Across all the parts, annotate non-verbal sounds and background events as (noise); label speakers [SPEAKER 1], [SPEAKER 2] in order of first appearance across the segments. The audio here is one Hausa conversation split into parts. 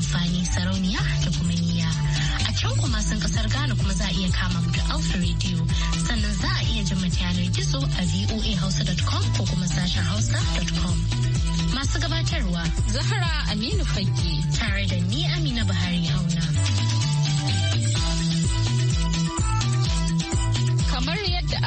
[SPEAKER 1] amfani sarauniya da kuma niya. A can kuma sun kasar Ghana kuma za a iya kama mu da Alpha Radio sannan za a iya jin yanar gizo a voahausa.com ko kuma sashen hausa.com. Masu gabatarwa Zahra Aminu fage tare da ni Amina Buhari Auna.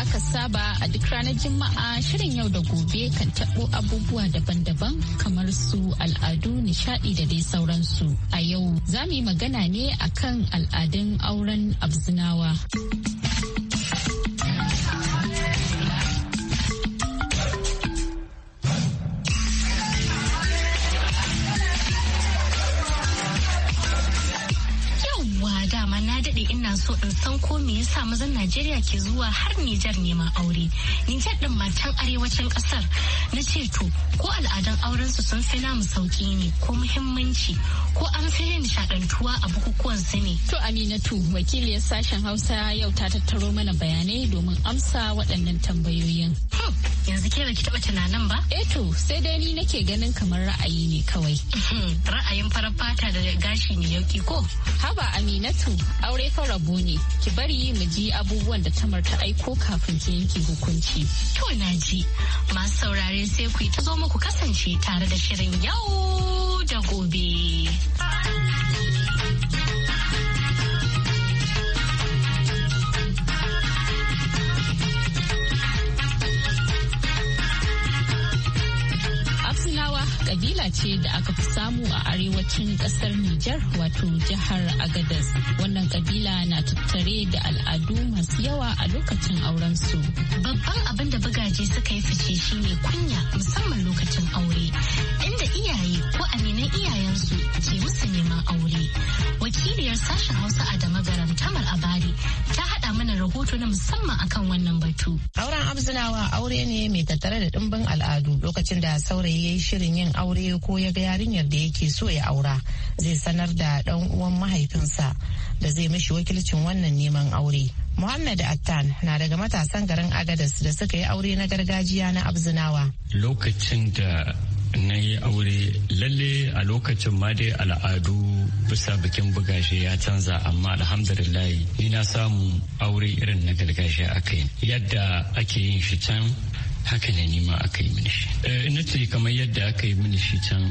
[SPEAKER 2] aka saba a duk ranar Juma'a shirin yau da gobe kan taɓo abubuwa daban-daban kamar su al'adu, nishaɗi da dai sauransu. A yau za mu yi magana ne akan al'adun auren abzinawa.
[SPEAKER 1] masu so in san ko me yasa mazan Najeriya ke zuwa har Nijar neman aure. Nijar din matan arewacin kasar na ce to ko al'adan auren su sun fi namu sauki ne ko
[SPEAKER 2] muhimmanci ko an fi yin shaɗantuwa a bukukuwan su ne. To Aminatu wakiliyar sashen Hausa yau ta tattaro mana bayanai domin amsa waɗannan tambayoyin. Hmm. yanzu ke baki taba tunanin ba? Eh to sai dai ni nake ganin kamar ra'ayi ne kawai. Hmm, ra'ayin farar fata da gashi ne yauki ko? Haba Aminatu aure fa rabo ne ki bari mu ji abubuwan da tamar ta aiko kafin ki yanke hukunci. To na ji
[SPEAKER 1] masu saurare sai ku ta zo muku kasance tare da shirin yau da gobe.
[SPEAKER 2] kabila ce da aka fi samu a arewacin kasar Nijar wato jihar Agadez. Wannan kabila na tattare da al'adu masu yawa a lokacin aurensu. Babban abin da bugaje suka yi
[SPEAKER 1] fice shi ne kunya musamman lokacin aure, inda iyaye ko aminan iyayensu ke musu neman aure. Wakiliyar sashen Hausa a da Tamar Abari rahoto na musamman akan wannan batu.
[SPEAKER 3] Auren Abzinawa aure ne mai tattare da ɗimbin al'adu lokacin da saurayi ya yi shirin yin aure ko ya ga yarinyar da yake so ya aura zai sanar da ɗan uwan mahaifinsa da zai mishi wakilcin wannan neman aure. Muhammad Attan na daga matasan garin Agadas da suka yi aure na gargajiya na Abzinawa.
[SPEAKER 4] Lokacin da na yi aure lalle a lokacin ma dai al'adu bisa bikin bugashe ya canza amma alhamdulillah ni na samu aure irin na gargajiya aka yi yadda ake yin shi can haka ne nima aka yi mini shi ina eh, ce kamar yadda aka yi mini shi can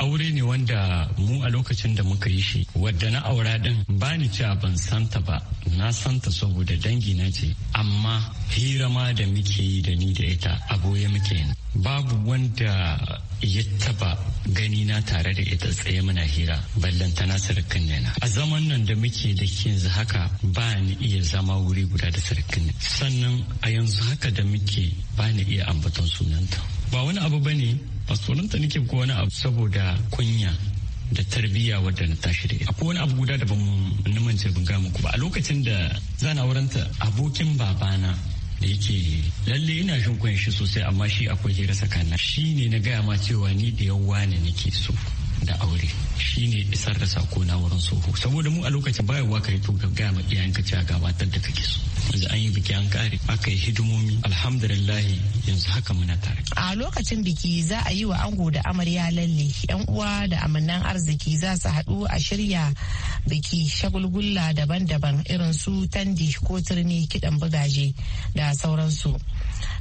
[SPEAKER 4] aure ne wanda mu a lokacin da muka yi shi wadda na aura din ba ni cewa ban santa ba na santa saboda dangi na ce amma hira ma da muke yi da ni da ita a goye muke yin babu wanda ya taba gani na tare da ita tsaye muna hira ballan tana sarkin na a zaman nan da muke da yanzu haka ba ni iya zama wuri guda da sarkin sannan a yanzu haka da muke ba ni iya ambaton sunanta ba wani abu bane fasfolinta nake ko wani abu saboda kunya da tarbiyya wadda na tashi da ita. Akwai wani abu guda da ban mance ban gama ku ba. A lokacin da zana wurinta abokin babana da yake lalle ina jin kuyan shi sosai amma shi akwai hira sakana. Shi ne na gaya ma cewa ni da yawa ne nake so. da aure shi ne isar da sako na wurin soho saboda mu a lokacin bayarwa ka yi to ga gaya ma iyayenka cewa gabatar da kake so yanzu an yi biki an kare aka yi hidimomi alhamdulillah yanzu haka muna tare
[SPEAKER 3] a lokacin biki za a yi wa ango da amarya lalle yan uwa da amannan arziki za su haɗu a shirya biki shagulgulla daban-daban irin su tandi ko turmi kiɗan bugaje da sauransu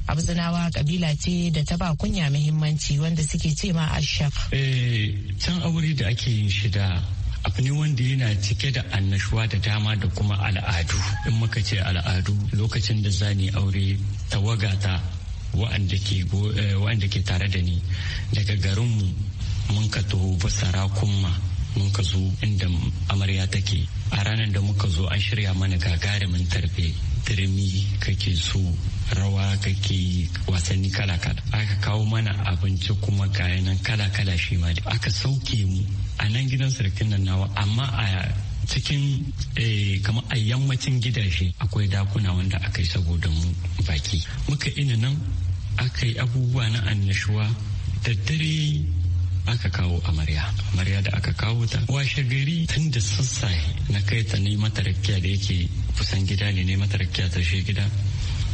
[SPEAKER 3] abzinawa kabila ce da ta ba kunya muhimmanci wanda suke ce ma ashaf
[SPEAKER 4] eh, can aure da ake yin shida abu ne wanda yana cike da annashuwa da dama da kuma al'adu in muka ce al'adu lokacin da zani aure tawagata eh, wa'anda ke tare da ni daga garinmu mun ka taho basara kuma mun ka zo inda amarya take a ranar da muka zo an shirya mana gagarumin tarbe turmi kake so rawa kake wasanni kala-kala aka kawo mana abinci kuma kayan nan kala-kala shi ma aka sauke mu a nan gidan sarkin nan nawa amma a cikin eh, kamar a yammacin gidaje akwai dakuna wanda aka yi saboda mu baki muka ina nan aka yi abubuwa na annashuwa da dare aka kawo amarya amarya da aka kawo ta washe gari tun da sassahe na kai ta ne mata da yake kusan gida ne ne mata ta gida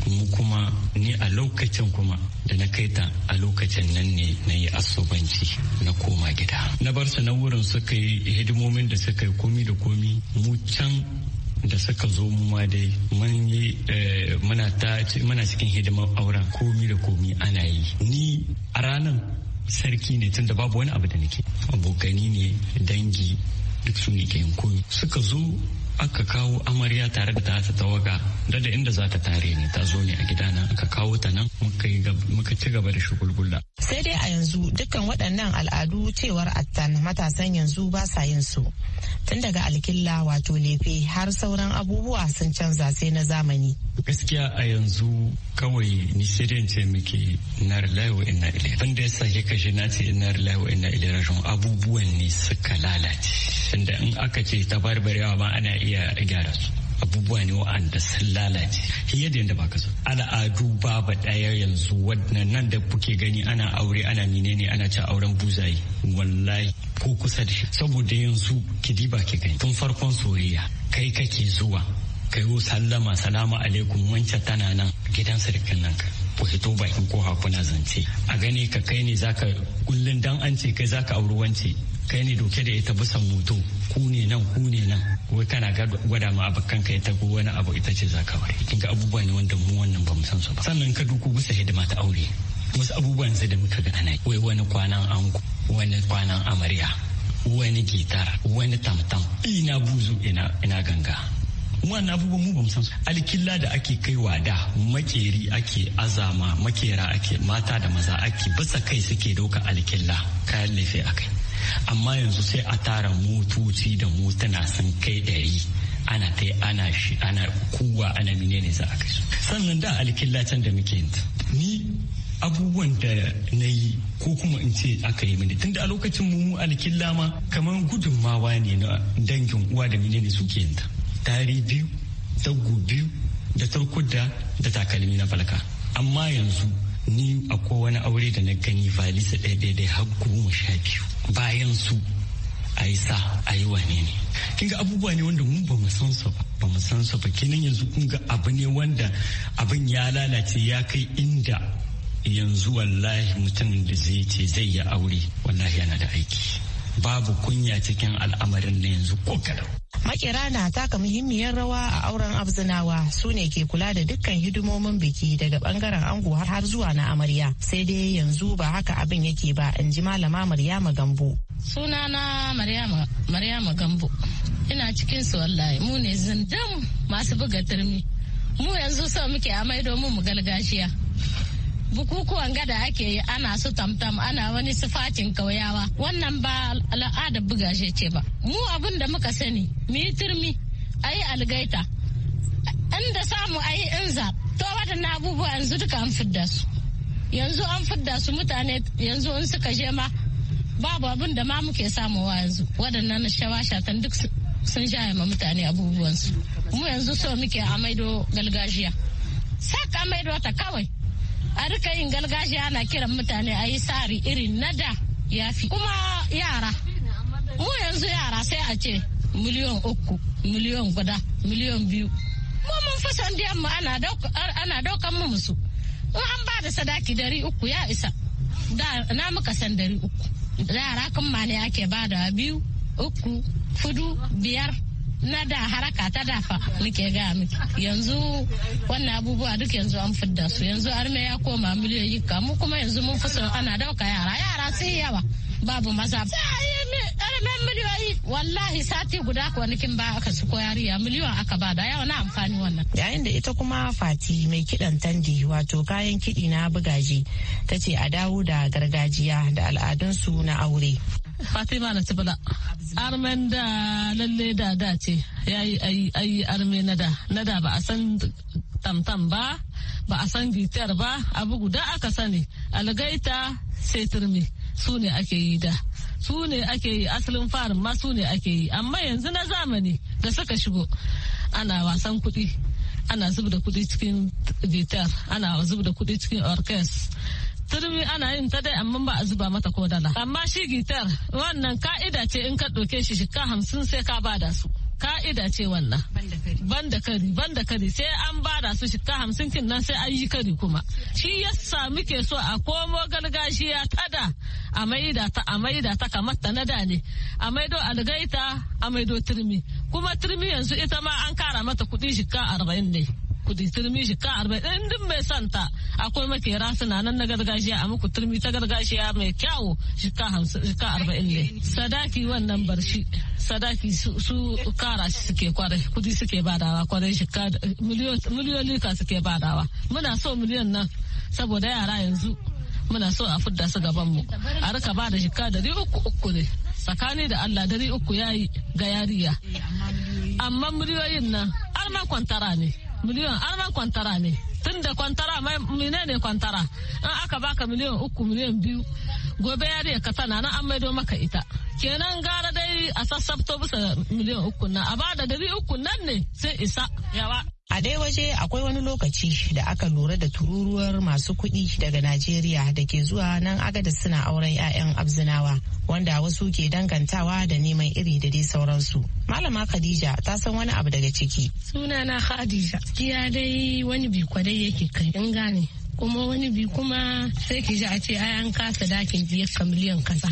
[SPEAKER 4] mu kuma ni a lokacin kuma da na kai ta a lokacin nan ne na yi asubanci na koma gida na bar su na wurin suka yi hidimomin da suka yi komi da komi mu can da suka zo mu ma dai mun yi eh, muna ta cikin hidimar auren komi da komi ana yi ni a ranan sarki ne tunda babu wani abu da nake abokani ne dangi duk su ne ke komi suka zo aka kawo amarya tare da ta tawaga da da inda za ta tare ne ta zo ne a gidana aka kawo ta nan muka ci gaba da shugulgula.
[SPEAKER 3] sai dai a yanzu dukkan waɗannan al'adu cewar attan matasan yanzu ba sa yin su tun daga alkilla wato lefe har sauran abubuwa sun canza sai na zamani
[SPEAKER 4] gaskiya a yanzu kawai ni dai ce muke na rilayo ina da ya sake kashe na ce ina rilayo ina abubuwan ne suka lalace da in aka ce ta barbarewa ma ana iya gyara su abubuwa ne wa'anda sun lalace yadda da yadda baka so al'adu ba daya yanzu nan da kuke gani ana aure ana menene ana ci auren buzayi wallahi ko kusa da shi saboda yanzu ba ke gani tun farkon soyayya kai kake zuwa kai sallama salamu alaikum wancan tana nan gidan sarkin nan ka ku fito bakin ko hakuna zance a gane ka kai ne zaka kullun dan an ce kai zaka auri wance kai ne doke da ita bisa mutu ku ne nan ku ne nan wai kana gwada ma abu kanka ita ko wani abu ita ce ka bari kinga abubuwa ne wanda mu wannan bamu san su ba sannan ka duku bisa hidima ta aure wasu abubuwan sai da muka ga nan wai wani kwanan anko wani kwanan amarya wani gitar wani tamtam ina buzu ina ina ganga wannan abubuwan mu bamu san su alkilla da ake kaiwa da makeri ake azama makera ake mata da maza ake bisa kai suke doka alkilla kayan lefe akai amma yanzu sai a tara motoci da motuna sun kai ɗari ana ta ana shi ana kuwa ana mine ne za a kai su sannan da alkillacen da muke yi ni abubuwan da na yi ko kuma in ce aka yi mini tunda a lokacin mu alkilla ma kamar gudunmawa ne na dangin uwa da mine ne suke yin ta tari biyu tagu biyu da tarkuda da takalmi na falka amma yanzu ni a wani aure da na gani valisa ɗaya daidai har goma sha biyu bayan su a yi sa a yi wane ne kin ga abubuwa ne wanda mu ba mu san su ba ba mu san su ba kenan yanzu kun ga abu ne wanda abin ya lalace ya kai inda yanzu wallahi mutumin da zai ce zai yi aure wallahi yana da aiki babu kunya cikin al'amarin na yanzu ko kalau
[SPEAKER 3] Makera na taka muhimmiyar rawa a auren abzinawa su ne ke kula da dukkan hidimomin biki daga bangaren ango har zuwa na amarya. Sai dai yanzu ba haka abin yake ba in ji malama Maryama Gambo.
[SPEAKER 5] suna na Maryama Gambo. Ina cikin su wallahi mu ne zindam masu buga turmi. Mu yanzu sa muke amai domin mu galgashiya. bukukuwan gada ake yi ana su tamtam ana wani sifatin kauyawa wannan ba al'ada bugashe ce ba mu abin da muka sani mu yi turmi a yi algaita inda samu a yi inza to waɗannan abubuwa yanzu duka an fidda su yanzu an fidda su mutane yanzu in suka je ma babu abin da ma muke samuwa yanzu waɗannan shawashatan duk sun sha ma mutane abubuwansu mu yanzu so muke a maido sa sak a maido ta kawai a rika yin galgashi ana kiran mutane a yi tsari irin na da ya fi kuma yara mu yanzu yara sai a ce miliyan uku miliyan guda miliyan biyu mu mun fi sandiyan mu ana daukan mu musu an ba da sadaki dari uku ya isa da na muka san dari uku yara kan ma ne ake ba da biyu uku fudu biyar na da haraka ta dafa muke ga miki yanzu wannan abubuwa duk yanzu an fidda su yanzu arme ya koma miliyoyi kamu kuma yanzu mun fi ana dauka yara yara sun yawa babu maza ƙaramin miliyoyi wallahi sati guda kuwa nikin ba aka ko yariya miliyon aka ba da yawa na amfani wannan.
[SPEAKER 3] Yayin da ita kuma Fati mai kidan tandi wato kayan kiɗi na bugaji ta ce a dawo da gargajiya da al'adunsu na aure.
[SPEAKER 6] Fatima na tibila. Armen da lalle da da ce ya yi ayi arme na da. Na da ba a san tamtam ba, ba a san gitar ba, abu guda aka sani. Algaita sai turmi su ne ake yi da. Su ne ake yi asalin farin ma su ne ake yi. Amma yanzu na zamani da suka shigo ana wasan kuɗi. Ana zubda da kuɗi cikin gitar, ana zubda da kuɗi cikin orkes. turmi ana yin ta dai amma ba a zuba mata ko dala amma shi gitar wannan ka'ida ce in ka ɗauke shi shika hamsin sai ka bada su ka'ida ce wannan ban da kari ban da kari sai an bada su shika hamsin kin nan sai an yi kari kuma shi ya sa muke so a komo gargajiya tada a maida ta a maida ta kamar ta na da ne a maido algaita a maido turmi kuma turmi yanzu ita ma an kara mata kuɗi shika arba'in ne kudi turmi shi ka arba'in in duk mai santa akwai makera suna nan na gargajiya a muku turmi ta gargajiya mai kyawu shi ka arba'in ne sadaki wannan barshi sadaki su kara shi suke kwarai kudi suke badawa kwarai shi miliyon lika suke badawa muna so miliyon nan saboda yara yanzu muna so a fudda su gaban mu a rika ba da shika dari uku uku ne tsakani da Allah dari uku yayi ga yariya amma miliyoyin nan har ma kwantara ne miliyan arman kwantara ne tun da kwantara mai mine ne kwantara an aka baka miliyan uku miliyan biyu gobe ya ka tana na an maido maka ita kenan gara dai a sassabto bisa miliyan uku na a bada dari uku nan ne sai isa yawa
[SPEAKER 3] A dai waje akwai wani lokaci da aka lura da tururuwar masu kuɗi daga Najeriya da ke zuwa nan agada suna auren 'ya'yan abzinawa wanda wasu ke dangantawa da neman iri da dai sauransu. Malama Khadija ta san wani abu daga ciki. Suna na Khadija. Kiya dai wani bi kwadai yake kai in gane. kuma wani bi kuma sai ki ji a ce ayan kasa dakin biyar ka miliyan kaza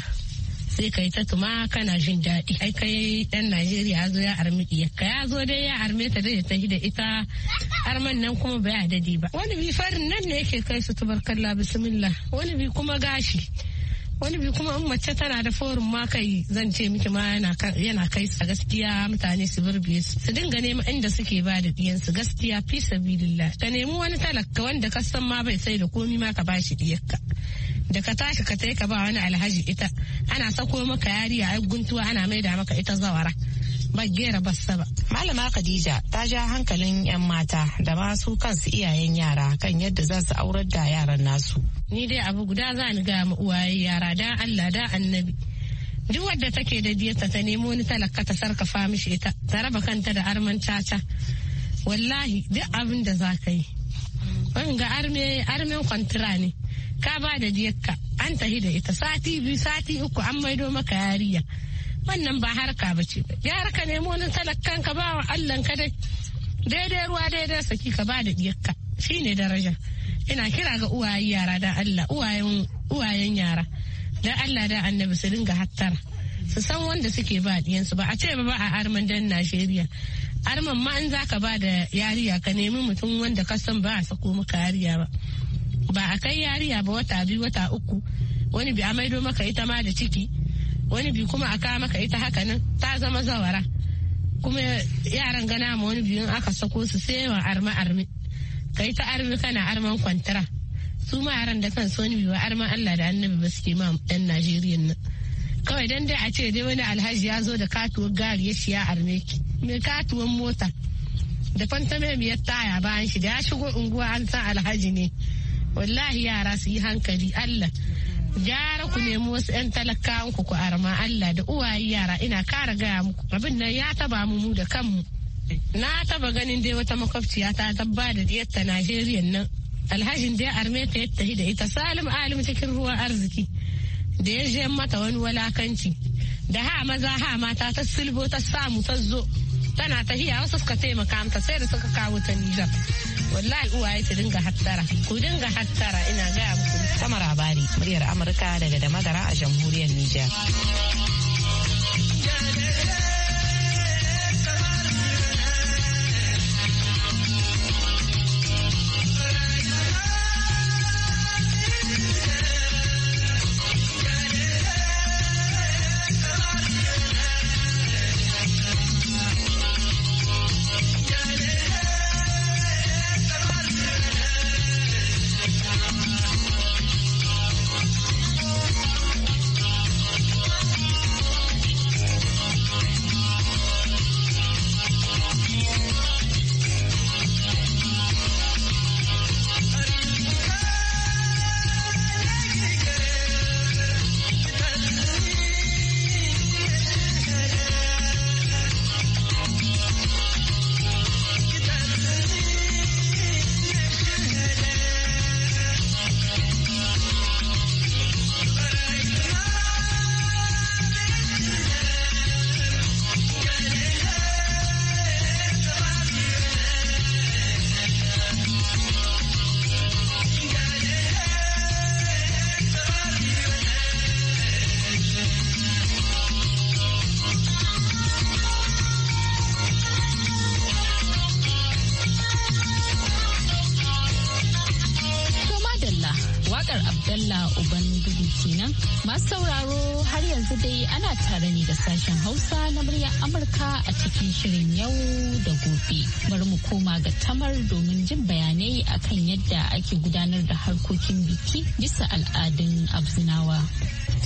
[SPEAKER 3] sai kai ta tuma kana jin daɗi ai kai ɗan najeriya ya zo ya armi Ka ya zo dai ya arme ta dai ta da ita arman nan kuma bai daɗi ba wani bi farin nan ne yake kai su tubarkalla bismillah wani bi kuma gashi wani bi kuma in mace tana da forum ma kai zan ce miki ma yana kai su gaskiya mutane su birbiye su su dinga nema inda suke ba da diyansu gaskiya fi sabilillah ka nemi wani talaka wanda ka ma bai sai da komi ma ka bashi diyarka da ka tashi ka tai ka ba wani alhaji ita ana sako maka yari a guntuwa ana maida maka ita zawara ba gera ba saba. Malama Khadija ta ja hankalin 'yan mata da masu kansu iyayen yara kan yadda za su aurar da yaran nasu. Ni dai abu guda za ni ga uwaye yara da Allah da annabi. Duk wadda take da diyarta ta nemo ni talaka ta sarkafa mishi ita ta raba kanta da arman caca. Wallahi duk abin da za ka yi. Wani ga armen kwantira ne. ka ba da diyarka an tahi da ita sati biyu sati uku an maido maka yariya wannan ba harka ba ce ya harka nemo talakkan ka ba wa allan ka dai daidai ruwa daidai saki ka ba da diyarka shine daraja ina kira ga uwayen yara da allah uwayen yara da allah da annabi su dinga hattara su san wanda suke ba diyansu ba a ce ba a arman dan najeriya arman ma in zaka ba da yariya ka nemi mutum wanda ka san ba a sako maka yariya ba ba a kai yariya ba wata biyu wata uku wani bi a maido maka ita ma da ciki wani bi kuma a kawo maka ita haka nan ta zama zawara kuma yaran gana ma wani biyun aka sako su sai wa arma armi kai ta armi kana arman kwantara su ma yaran da kan so ni biwa arman Allah da annabi ba suke ma yan Najeriya nan kawai dan dai a ce dai wani alhaji ya zo da katuwar gari ya shiya arme ki mai katuwar mota da fantame mai taya bayan shi da ya shigo unguwa an san alhaji ne wallahi yara su yi hankali allah gyara ku nemi wasu 'yan talakawan ku ku arma allah da uwaye yara ina kara gaya muku abin nan ya taba mu da kanmu na taba ganin dai wata makwabciya ta zabba da diyarta najeriya nan alhajin dai arme ta yadda da ita salim alim cikin ruwan arziki da ya je mata wani walakanci da ha maza ha mata ta silbo ta samu ta zo tana tahiya wasu suka taimaka mata sai da suka kawo ta nijar wallahi uwaye ce dinga hattara ku dinga hattara ina gaya muku samar rabari muryar amurka daga da a jamhuriyar nijar
[SPEAKER 2] Allah uban dubu kenan. Masu sauraro har yanzu dai ana tare ne da sashen Hausa na muryar Amurka a cikin shirin yau da gobe. Bari mu koma ga tamar domin jin bayanai akan yadda ake gudanar da harkokin biki bisa al'adun Abzinawa.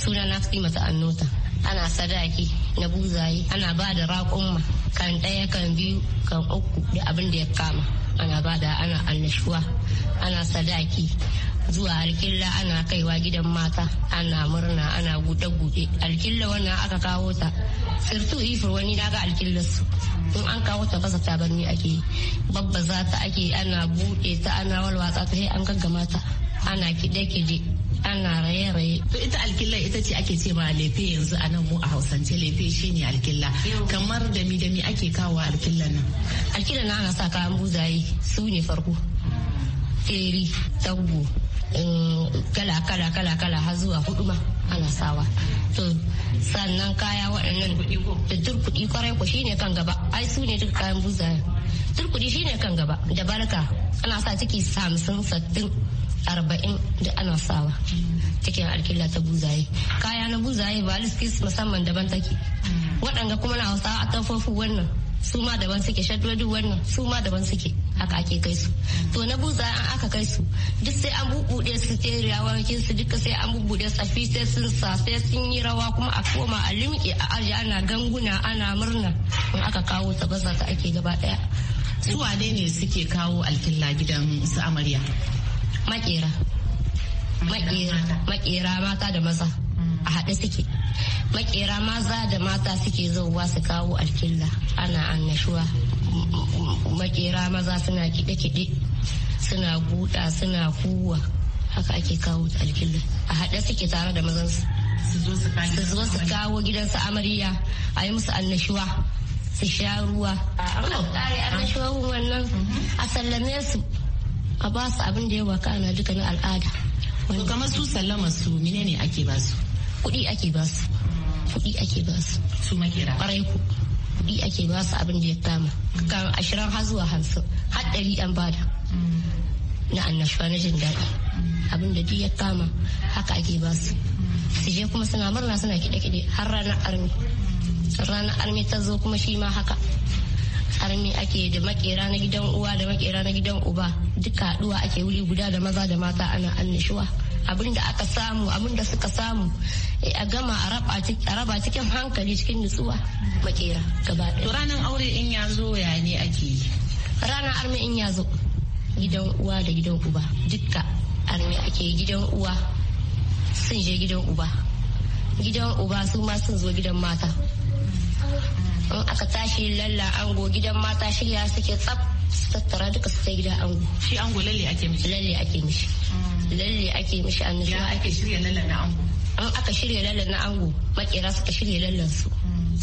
[SPEAKER 2] Sunana Fatima Annota.
[SPEAKER 7] ana sadaki na buzaye ana ba da raƙumma kan ɗaya kan biyu kan uku da abin da ya kama ana ba da ana annashuwa ana sadaki zuwa alkilla ana kaiwa gidan mata ana murna ana gude-gude alkilla wannan aka kawo ta sirtu ifir e wani daga ga su in an kawo ta fasa ni ake babba za ta ake ana buɗe ta ana walwatsa ta sai an gaggama ta ana kide-kide
[SPEAKER 3] ana raye-raye. To ita alkilla ita ce ake ce ma lefe yanzu a nan mu a hausance lefe shi ne alkilla. Kamar da mi da mi ake kawo alkilla nan. Alkilla na ana sa kayan buzaye su ne farko. Eri, tango, kala
[SPEAKER 7] kala kala kala har zuwa hudu ma ana sawa to sannan kaya waɗannan da turkuɗi kwarai ku shine kan gaba ai su ne duka kayan buza turkuɗi shine kan gaba da barka ana sa ciki hamsin sattin arba'in da ana sawa cikin alkilla ta buzaye kaya na buzaye ba liskis musamman daban take waɗanga kuma na hausawa a tamfofi wannan su ma daban suke shaddodin wannan su ma daban suke haka ake kai su to na buza an aka kai su duk sai an bubude su sai rawakin su duka sai an su safi sai sun sa sai sun yi rawa kuma a koma a limke a aji ana
[SPEAKER 3] ganguna ana murna in aka kawo baza ta ake gaba daya su wane ne suke kawo alkilla gidan su amarya makera makera
[SPEAKER 7] makera mata da maza a haɗe suke makera maza da mata suke zauwa su kawo alkilla ana annashuwa makera maza suna kiɗe-kiɗe suna guda suna kuwa haka ake kawo alkilla a haɗe suke tare da mazan
[SPEAKER 3] su zo su
[SPEAKER 7] kawo gidansu amarya a yi musu annashuwa su sha ruwa ana kare annashuwa wannan a sallame su a ba su abin da ya waka na duka na al'ada kamar su sallama su menene ake ba su kuɗi ake ba su kuɗi ake ba su su makera ƙwarai ku kuɗi ake ba su abin da ya kama kan ashirin har zuwa hamsin har ɗari an bada na annashuwa na jin daɗi abin da duk ya kama haka ake ba su su je kuma suna murna suna kiɗe-kiɗe har ranar armi ranar armi ta zo kuma shi ma haka armi ake da makera na gidan uwa da makera na gidan uba duka haɗuwa ake wuri guda da maza da mata ana annashuwa. abin da aka samu abin da suka samu eh, a gama a raba cikin hankali cikin nutsuwa makera gaba ɗaya. ranar
[SPEAKER 3] aure in ya zo ya ne ake yi ranar armi in
[SPEAKER 7] ya zo gidan uwa da gidan uba dukka armi ake gidan uwa sun je gidan uba gidan uba su ma sun zo gidan mata in aka tashi lalla ango gidan mata shirya suke tsaf su tattara duka su kai gidan ango shi ango lalle ake mishi lalle ake mishi mm. lalle ake mishi annashuwa ya ake shirya lallan na ango an aka shirya lallan na ango makera suka shirya lallan su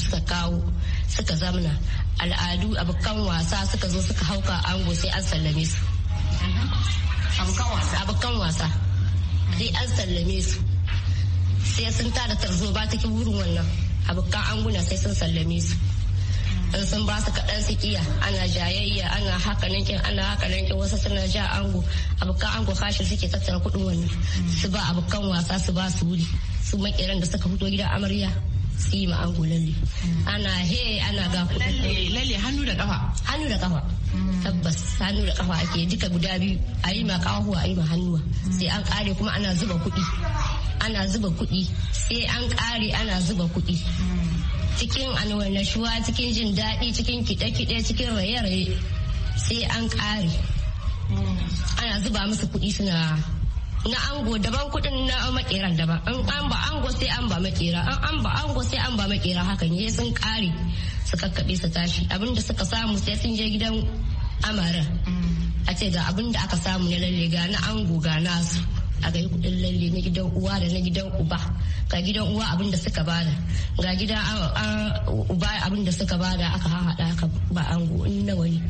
[SPEAKER 7] suka kawo suka zamna al'adu abokan wasa suka zo suka hauka ango sai an sallame su
[SPEAKER 8] mhm.
[SPEAKER 7] abokan wasa sai an sallame su sai sun tada tarzo ba ta wurin wannan abokan anguna sai sun sallame su in sun ba su kaɗan su kiya ana jayayya ana haka nan ana haka nan wasu suna ja ango abokan ango kashin suke tattara kuɗin wannan su ba abokan wasa su ba su wuri su makeran da suka fito gidan amarya su yi ma ango lalle
[SPEAKER 4] ana he ana ga kuɗi lalle
[SPEAKER 7] hannu da kafa hannu da kafa tabbas hannu da kafa ake duka guda biyu a yi ma kahuwa a yi ma hannuwa sai an kare kuma ana zuba kuɗi ana zuba kuɗi sai an kare ana zuba kuɗi cikin annashuwa cikin jin daɗi cikin kiɗe-kiɗe cikin raye-raye sai an ƙare ana zuba musu kuɗi suna na ango daban kuɗin na makeran daban an an ba ango sai an ba makera an an ba ango sai an ba makera hakan ne sun ƙare su kakkaɓe su tashi abinda suka samu sai sun je gidan amaran mm. a ce ga abinda aka samu na lalle ga na ango ga nasu a ga kudin lalle na gidan uwa da na gidan uba ga gidan uwa abin da suka bada ga gidan uba abin da suka bada aka haɗa aka ba ango in nawa ne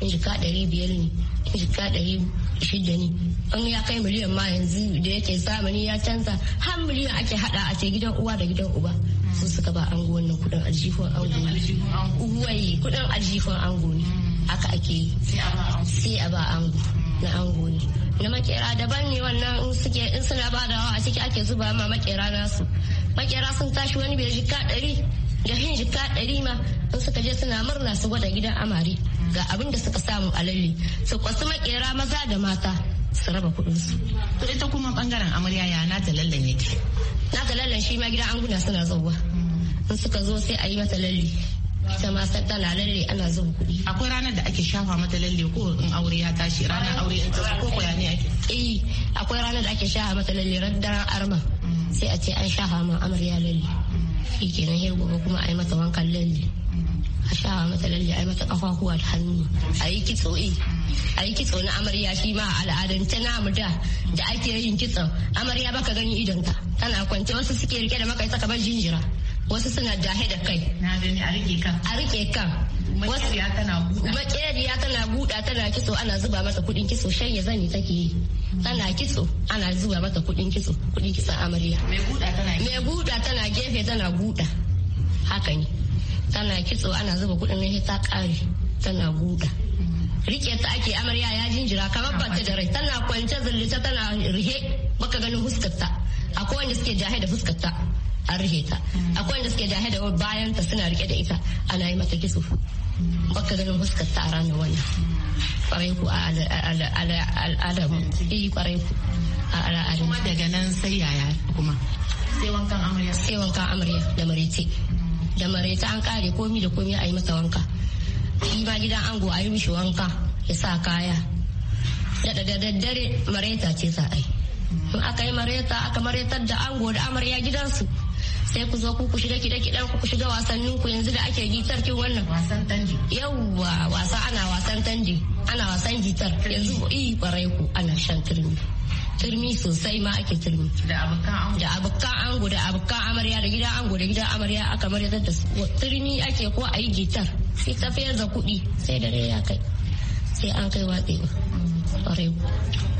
[SPEAKER 7] in jika ɗari biyar ne in jika ɗari shida ne an ya kai miliyan ma yanzu da yake zamani ya canza har miliyan ake hada a ce gidan uwa da gidan uba su suka ba an wannan kudin aljihun ango ne. kudin aljihun ango ne haka ake sai a ba ango na ango ne na makera daban ne wannan in suke in suna badawa a ciki ake zuba ma makera nasu makera sun tashi wani bai jika ɗari da hin jika ɗari ma in suka je suna murna su gwada gidan amare ga abin da suka samu a lalle su kwasu makera maza da mata su raba kuɗin su. To ita kuma bangaren amarya ya na lallan Na lallan shi ma gidan anguna suna zauwa. Mm. In suka zo sai a yi mata
[SPEAKER 3] lalle ita ma san tana lalle ana zuba kuɗi. Akwai ranar da ake shafa mata lalle ko in aure ya tashi ranar aure in tashi ko koya ne ake. Eh akwai ranar da ake shafa mata lalle ran
[SPEAKER 7] daren arma sai a ce an shafa ma amarya lalle. Shi kenan yau gobe kuma a yi mata wankan lalle. A shafa mata lalle a yi mata kafafuwa da hannu a yi kitso eh. a yi kitso na amarya shi ma al'adance namu da da ake yin kitso amarya baka gani idonta tana kwance wasu suke rike da maka ita kamar jinjira. wasu suna jahe da kai na gani a rike kan a rike kan makeriya tana buɗa makeriya tana buɗa tana kitso ana zuba mata kuɗin kitso shanye zani take yi tana kitso ana zuba mata kuɗin kitso kuɗin kitso amarya mai buɗa tana mai buɗa tana gefe tana buɗa haka ne tana kitso ana zuba kuɗin nan ta ƙare tana buɗa rike ta ake amarya ya jinjira kamar ta da rai tana kwance zullita tana rihe baka ganin fuskarta akwai wanda suke jahe da fuskarta an rihe ta akwai wanda suke jahe da bayan ta suna rike da ita ana yi mata gizo baka ganin fuskar ta a ranar wannan kwarai ku a al'adamu yi eh, kwarai ku a al'adamu kuma daga nan sai
[SPEAKER 3] yaya kuma sai
[SPEAKER 7] wankan amarya sai wankan amarya da marece da marece an kare komi da komi a yi masa wanka shi ma gidan ango a yi mishi wanka ya sa kaya da daddare mareta ce za a yi in aka yi mareta aka maretar da ango da amarya gidansu sai ku zo ku ku shiga kide kiɗen ku ku shiga wasannin ku yanzu da ake gitar ki wannan wasan tanji yawwa wasa ana wasan tanji ana wasan gitar yanzu i kwarai ku ana shan turmi turmi sosai ma ake turmi da abuka ango da abuka amarya da gida ango da gida amarya aka maryar da su
[SPEAKER 3] turmi ake ko a yi gitar sai tafiyar da kuɗi sai dare ya kai sai an kai watsewa kwarai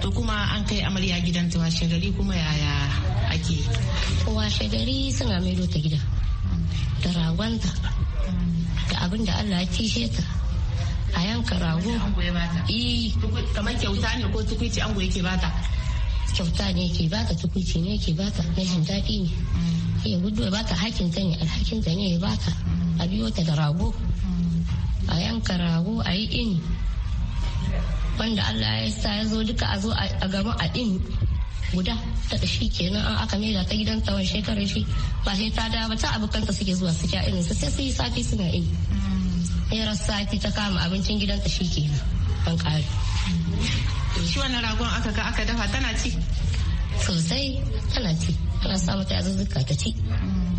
[SPEAKER 3] to kuma an kai amarya gidanta washe gari kuma yaya ake washe gari suna maido ta gida da ragonta
[SPEAKER 7] da abin da allah ya kishe ta a yanka rago
[SPEAKER 3] kamar kyauta ne ko tukuici ango yake bata
[SPEAKER 7] kyauta ne ke bata tukwici ne ke bata na jin daɗi ne mm. ya gudu ya bata hakinta ne alhakinta ne ya bata a biyo ta da rago
[SPEAKER 8] mm.
[SPEAKER 7] a yanka rago a yi ini wanda Allah ya sa ya zo duka a zo a gama a ɗin guda ta da shi kenan an aka maida ta gidan tsawon shekarar shi ba sai ta da ba ta abokanta suke zuwa suke irin su sai su yi sati suna yi rasa sati ta kama abincin gidan ta shi kenan an kare
[SPEAKER 3] shi wannan ragon aka ga aka dafa tana ci
[SPEAKER 7] sosai tana
[SPEAKER 3] ci tana sa mata yazuzzuka ta ci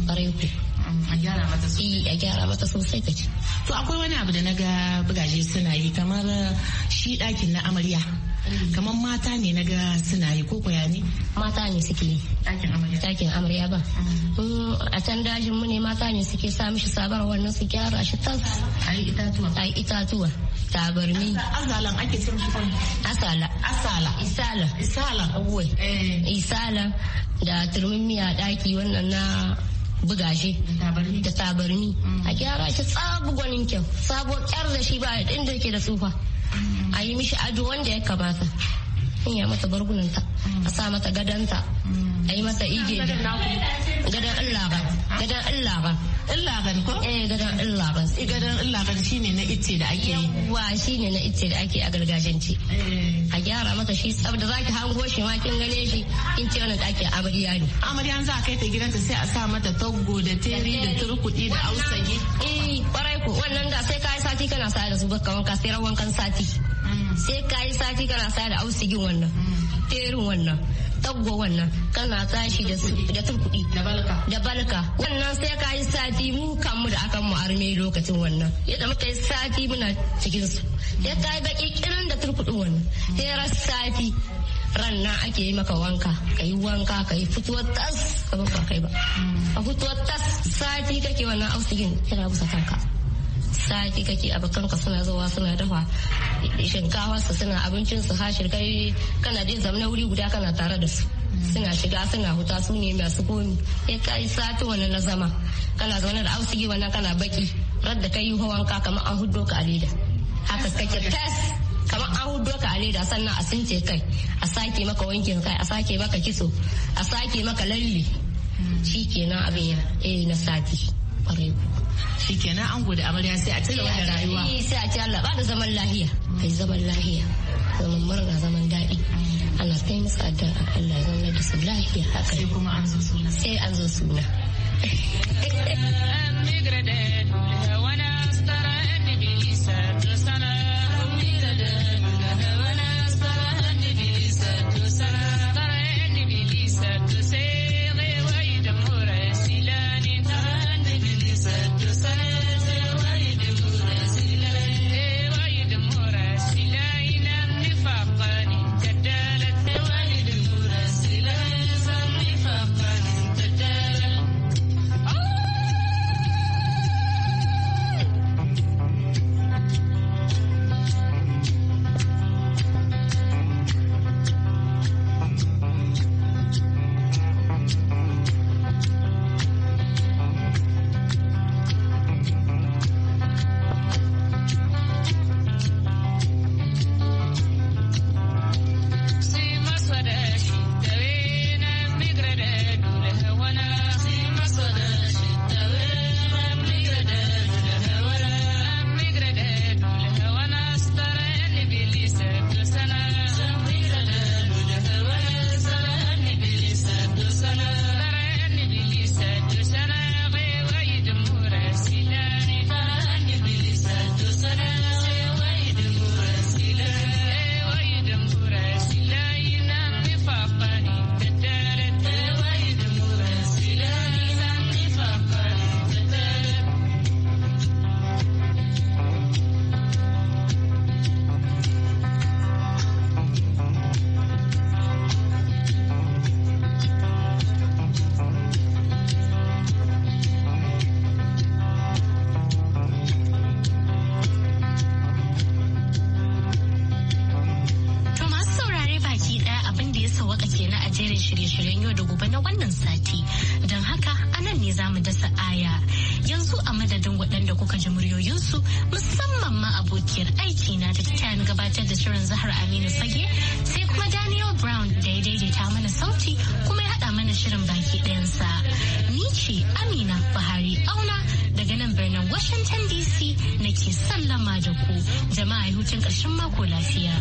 [SPEAKER 3] ƙwarai ku
[SPEAKER 7] Eh, a gyara mata sosai a gyara mata sosai
[SPEAKER 3] to akwai wani abu da na ga bugaje suna yi kamar uh, shi ɗakin na amarya mm. kamar mata ne na ga suna yi ko koya ne mata ne suke yi
[SPEAKER 7] ɗakin amarya ba mm. Mm, a can dajin mu ne mata ne suke sa mishi sabar wannan su gyara shi tas ayi itatuwa ayi itatuwa tabarmi azalan ake asala asala isala isala eh. isala da turmin miya ɗaki wannan na buga shi da tabarni a gyara shi tsabu gwanin kyau sabon kyar da shi ba a inda yake da tsufa a yi mishi ajo wanda ya kamata in ya mata bargunanta a sa mata gadanta a yi masa ige gadon Allah ba gadon Allah ba illa ban ko eh gadon illa ban sai gadan Allah eh, gan shine na itce da ake yi wa shine na itce da ake a gargajiyance
[SPEAKER 1] eh.
[SPEAKER 3] a gyara masa shi sab da zaki hango shi ma kin gane shi kin ce wannan dake amarya ne amarya za a kai ta gidanta sai a sa mata taggo da teri da turkudi da ausage eh kwarai ko wannan da sai kai sati kana sa da su baka wanka sai rawan kan sati mm.
[SPEAKER 7] sai kai sati kana sa da ausigin wannan mm. terin wannan ɗaggo wannan kana tashi da tun kuɗi da balka wannan sai ka yi sati mu kan mu da akan mu arme lokacin wannan yadda muka yi sati muna cikin su ya ta yi baki kirin da turkuɗin wannan sai ras sati ran na ake yi maka wanka ka yi wanka ka yi fituwar tas ka ba kai ba mm. a fituwar tas sati kake wannan oxygen kira kusa kanka sati kake bakar ka suna zuwa suna dafa shinkawa su suna abincin su ha shirkai kana je zamna wuri guda kana tare da su suna shiga suna huta su ne masu komi ya eh, kai sati wannan na zama kana zaune da ausigi wannan kana baki radda kai wanka kamar an hudo ka aleda haka kake tas kamar an hudo ka aleda sannan a sunce kai a sake maka wankin kai a sake maka kiso a sake maka lalle shi kenan abin ya eh na sati kwarai shikenan an gode amarya sai a cire wannan rayuwa sai a ci Allah ba da zaman lahiya ai zaman lahiya zaman murna zaman daɗi ana kai musu addu'a Allah ya da su lahiya haka
[SPEAKER 5] sai kuma an zo suna sai an zo suna
[SPEAKER 9] (laughs)
[SPEAKER 1] shirin Zahar Aminu Sage sai kuma Daniel Brown da ya daidaita mana sauti kuma ya haɗa mana shirin baki ɗayansa. Ni ce Amina Buhari Auna daga nan birnin Washington DC nake ke sallama da ku jama'a hutun ƙarshen mako lafiya.